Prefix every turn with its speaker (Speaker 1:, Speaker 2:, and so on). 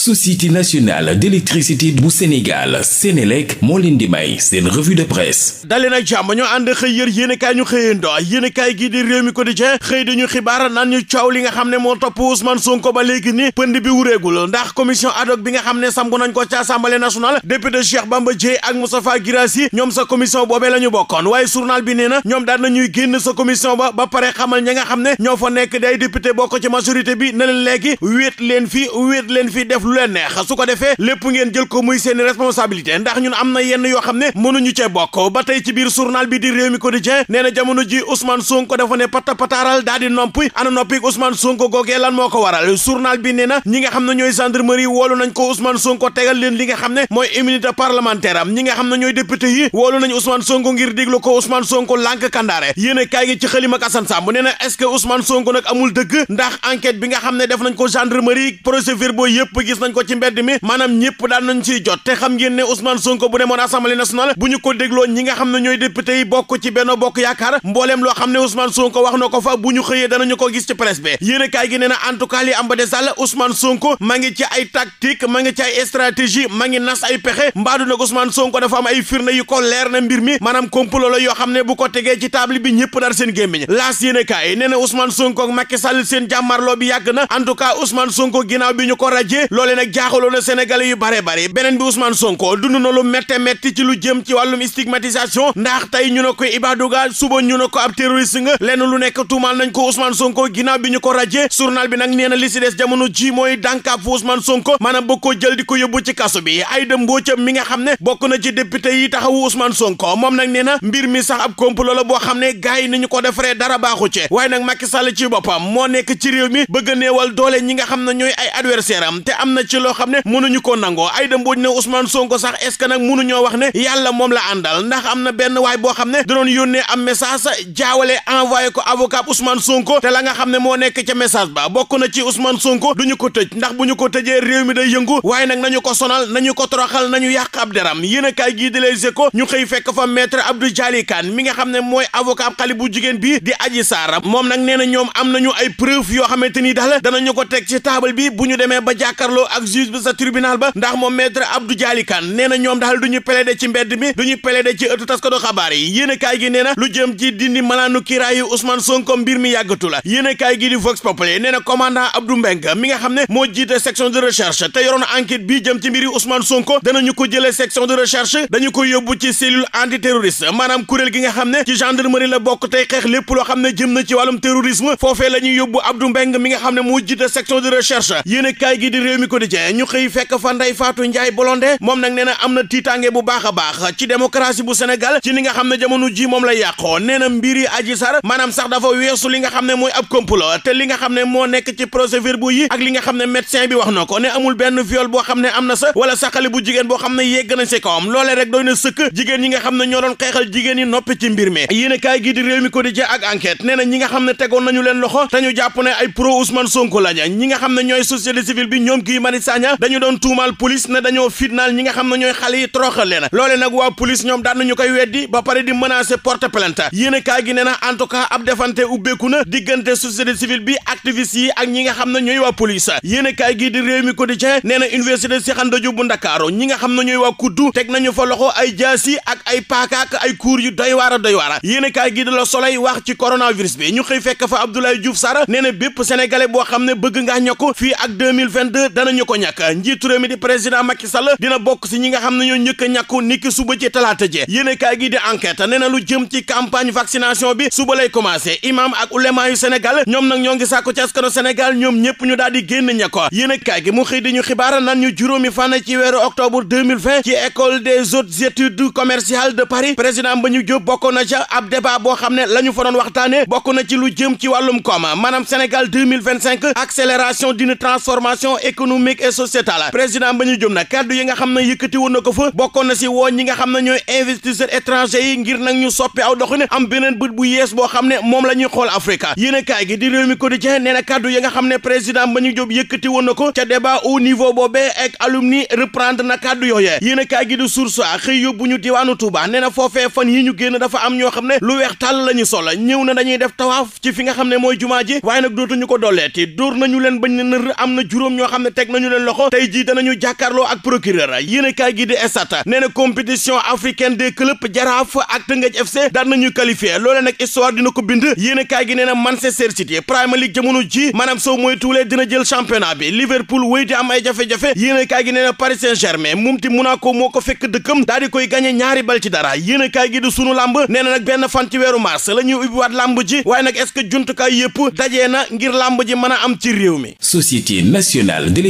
Speaker 1: société nationale d'électricité bu Sénégal Sénélec moo leen di may seen revue de presse dali nag ñoo ànd xëy yër yéenekaay ñu xëyandoo yéenekaay gi di réew mi quotidien xëy dañu xibaar naan ñu coow li nga xam ne moo topp Ousmane Sonko ba léegi ni pënd bi wuréegul ndax commission ad bi nga xam ne samp nañ ko ci Assemblée nationale député Cheikh Bamba Dièye ak Moustapha Guirassy ñoom sa commission boobee la ñu bokkoon waaye journal bi nee na ñoom daan nañuy génn ne ñoo fa nekk day député bokk ci majorité bi na leen léegi wéet leen fi wéet leen fi def lu leen neex su ko defee lépp ngeen jël ko muy seeni responsabilité ndax ñun am na yenn yoo xam ne mënuñu cee bokk ba tey ci biir journal bi di Rewmi Quotidien nee na jamono ji Ousmane Sonko dafa ne pata pataaral daal di noppi ana noppi Ousmane Sonko googee lan moo ko waral journal bi nee ñi nga xam ne ñooy gendarmerie woolu nañ ko Ousmane Sonko tegal leen li nga xam ne mooy immunité parlementaire ñi nga xam ne ñooy député yi woolu nañ Ousmane nañ ko ci mbedd mi maanaam ñëpp daan nañ ciy jot te xam ngeen ne Ousmane Sonko bu demoon assemblée nationale bu ñu ko dégloo ñi nga xam ne ñooy député yi bokk ci Benno Bokk Yaakaar mbooleem loo xam ne Ousmane Sonko wax na ko fa bu ñu xëyee danañu ko gis ci presse bi yéen a kaay gi nee na en tout cas li Sonko ma ngi ci ay tactique ma ngi ci ay stratégie ma ngi nas ay pexe mbaadu nag Ousmane Sonko dafa am ay firnde yu ko leer na mbir mi maanaam complot la yoo xam ne ko tegee ci table bi ñëpp a kaay nee na Ousmane Sonko ak Macky Sall seen jàmmarloo bi yàgg na en tout cas Ousmane Sonko ginnaaw bi ñu loolee nag jaaxaloon na sénégalais yu bare bare beneen bi Ousmane Sonko dund na lu métte métti ci lu jëm ci wàllum stigmatisation ndax tey ñu ne ko Ibadou suba ñu ne ko ab terroriste nga leen lu nekk tuumaal nañ ko Ousmane Sonko ginnaaw bi ñu ko rajee journal bi nag nee na li si des jamono ji mooy dànkaab fu Ousmane Sonko maanaam bëgg koo jël di ko yóbbu ci kaso bi Aïda Mbodj mi nga xam ne bokk na ci député yi taxawu Ousmane Sonko moom nag nee na mbir mi sax ab complot la boo xam ne gars yi ni ñu ko defaree dara baaxu ci waaye nag Macky Sall ci boppam moo nekk ci réew mi bëgg a doole ñi nga xam ne ñooy ay adversaire te am na ci loo xam ne mënuñu ko nangoo Aïda Mbodj ne Ousmane Sonko sax est ce que nag mënuñoo wax ne yàlla moom la àndal ndax am na benn waay boo xam ne da doon yónnee am message jaawale envoyé ko avocat Ousmane Sonko te la nga xam ne moo nekk ca message ba bokk na ci Ousmane Sonko duñu ko tëj ndax bu ñu ko tëjee réew mi day yëngu waaye nag nañu ko sonal nañu ko toroxal nañu yàq ab deram yéen a kaay gii di Les Échos ñu xëy fekk fa maître Abdou Dialy Kane mi nga xam ne mooy avocat xale bu jigéen bi di Adji Sarr moom nag nee na ñoom am nañu ay preuve yoo xamante ni daal danañu ko teg ci table bi bu ñu demee ba jàkkaarloo ak juge bi sa tribunal ba ndax moom maître Abdou Dialy Kane nee ñoom daal du ñu plaider ci mbedd mi du ñu plaider ci ëttu taskatu xabaar yi yéen a kaay gi nee na lu jëm ci dindi malaanu kiraayu Ousmane Sonko mbir mi yàggatu la yéen a kaay gi di Vox Populi nee na commandant Abdou Mbengue mi nga xam ne moo jiite section de recherche te yoroon enquête bii jëm ci mbiri Ousmane Sonko danañu ko jëlee section de recherche dañu ko yóbbu ci cellule antiterroriste maanaam kuréel gi nga xam ne ci gendarmerie la bokk tey xeex lépp loo xam ne jëm na ci wàllum terrorisme foofee la ñuy yóbbu Abdou Mbengue mi nga xam ne moo jiite section de recherche a ko Quotidien ñu xëy fekk fa Ndeye Fatou Ndiaye Blondin moom nag nee na am na tiitaange bu baax a baax ci démocratie bu Sénégal ci li nga xam ne jamono ji moom la yàqoo nee na mbiri Adji Sarr maanaam sax dafa weesu li nga xam ne mooy ab complot te li nga xam ne moo nekk ci procès-verbaux yi ak li nga xam ne médecin bi wax na ko ne amul benn viol boo xam ne am na sa wala saxali bu jigéen boo xam ne yegg nañ si kawam loolee rek doy na sëkk jigéen ñi nga xam ne ñoo doon xeexal jigéen ñi noppi ci mbir mi yéen a kaay gi di réew na ñi nga xam ne tegoon nañu leen loxo te ñu jàpp ne ay pro Ousmane Sonko lañu ñi nga xam ne ñooy société civile bi ñoom Mari Sagna dañu doon tuumaal police ne dañoo fitnaal ñi nga xam ne ñooy xale yi leen loole nag waa police ñoom daan nañu koy weddi ba pare di menacer porte plainte yéenekaay gi nee na en ab defante ubbeeku na diggante société civile bi activiste yi ak ñi nga xam ne ñooy waa police yéenekaay gi di Rewmi Quotidien nee na université Cheikh Anta bu Ndakaaru ñi nga xam ne ñooy waa kuddu teg nañu fa loxo ay jaasi ak ay paaka ak ay kuur yu doy waar a danañu ko ñàkk njiitu réew mi di président Macky Sall dina bokk si ñi nga xam ne ñoo njëkk a ñàkku niki suba ci talaata ji yéene kaay di enquête nee na lu jëm ci campagne vaccination bi suba lay commencé imam ak ulema yu ñoom nag ñoo ngi sàkku ci askanu Sénégal ñoom ñëpp ñu daal génn ña ko yéene mu xëy ñu xibaar nan ñu juróomi fan ci weeru octobre 2020 ci école des hautes études commerciales de Paris président ba ñu jóob bokk na ca ab débat boo xam ne la ñu fa doon waxtaane bokk na ci lu jëm ci wàllum koom maanaam Sénégal 2025 économique et sociétal président ba ñu jëm nag kàddu yi nga xam ne yëkkati woon na ko fa bokkoon na si woo ñi nga xam ne ñooy investisseurs étrangers yi ngir nag ñu soppi aw doxin am beneen but bu yees boo xam ne moom la ñuy xool Afrique yéen kaay gi di réew mi quotidien nee na kàddu yi nga xam ne président ba ñu jób yëkkati woon na ko ca o au niveau boobee ak alumni reprendre na kàddu yooyee yéen kaay gi di source xëy yóbbu ñu diwaanu Touba ne na foofee fan yi ñu génn dafa am ñoo xam ne lu weex tàll la ñu sol ñëw na dañuy def tawaaf fi nga xam ne mooy jumaa ji waaye nag dootuñu ko dolleeti dóor nañu leen bañ ne am na juróom ñoo xam ne teg teg nañu leen loxo tey jii danañu jàkkaarloo ak procureur yéenekaay gi di Stades nee na compétition africaine des clubs Jaraaf ak Teungueth FC daan nañu qualifié loolee nag histoire dina ko bind kaa gi nee na Manchester City Premier League ji maanaam soo moytuwulee dina jël championnat bi Liverpool wéy di am ay jafe-jafe yéenekaay gi nee na Paris Saint-Germain moom ti Monaco ko fekk dëkkam daal di koy gagné ñaari bal ci dara yéenekaay gi di sunu lamb nee na nag benn fan ci weeru mars la ñuy ubbiwaat lamb ji waaye nag est-ce yëpp dajee na ngir lamb ji mën a am ci réew mi société nationale